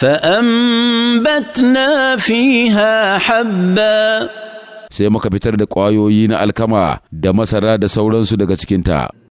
فأنبتنا فيها حبا sai muka fitar da ƙwayoyi na alkama da masara da sauransu daga cikinta.